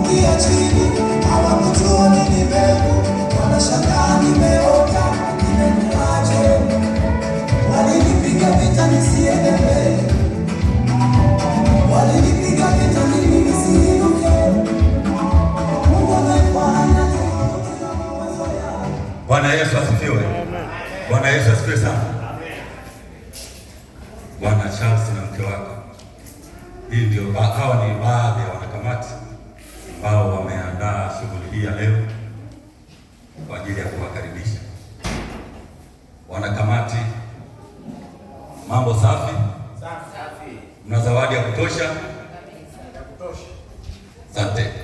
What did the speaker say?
nimeangukia chini, hawakujuani nimeku, wanashangaa nimeoka, nimekuaje? Walinipiga vita nisiendelee, walinipiga vita mimi nisiinuke. Mungu amefanya Bwana Yesu asifiwe. Bwana Yesu asifiwe sana. Bwana Charles na mke wako, hii ndio hawa ni baadhi ya wanakamati ambao wameandaa shughuli hii ya leo kwa ajili ya kuwakaribisha wanakamati. Mambo safi, mna zawadi ya kutosha. Asante.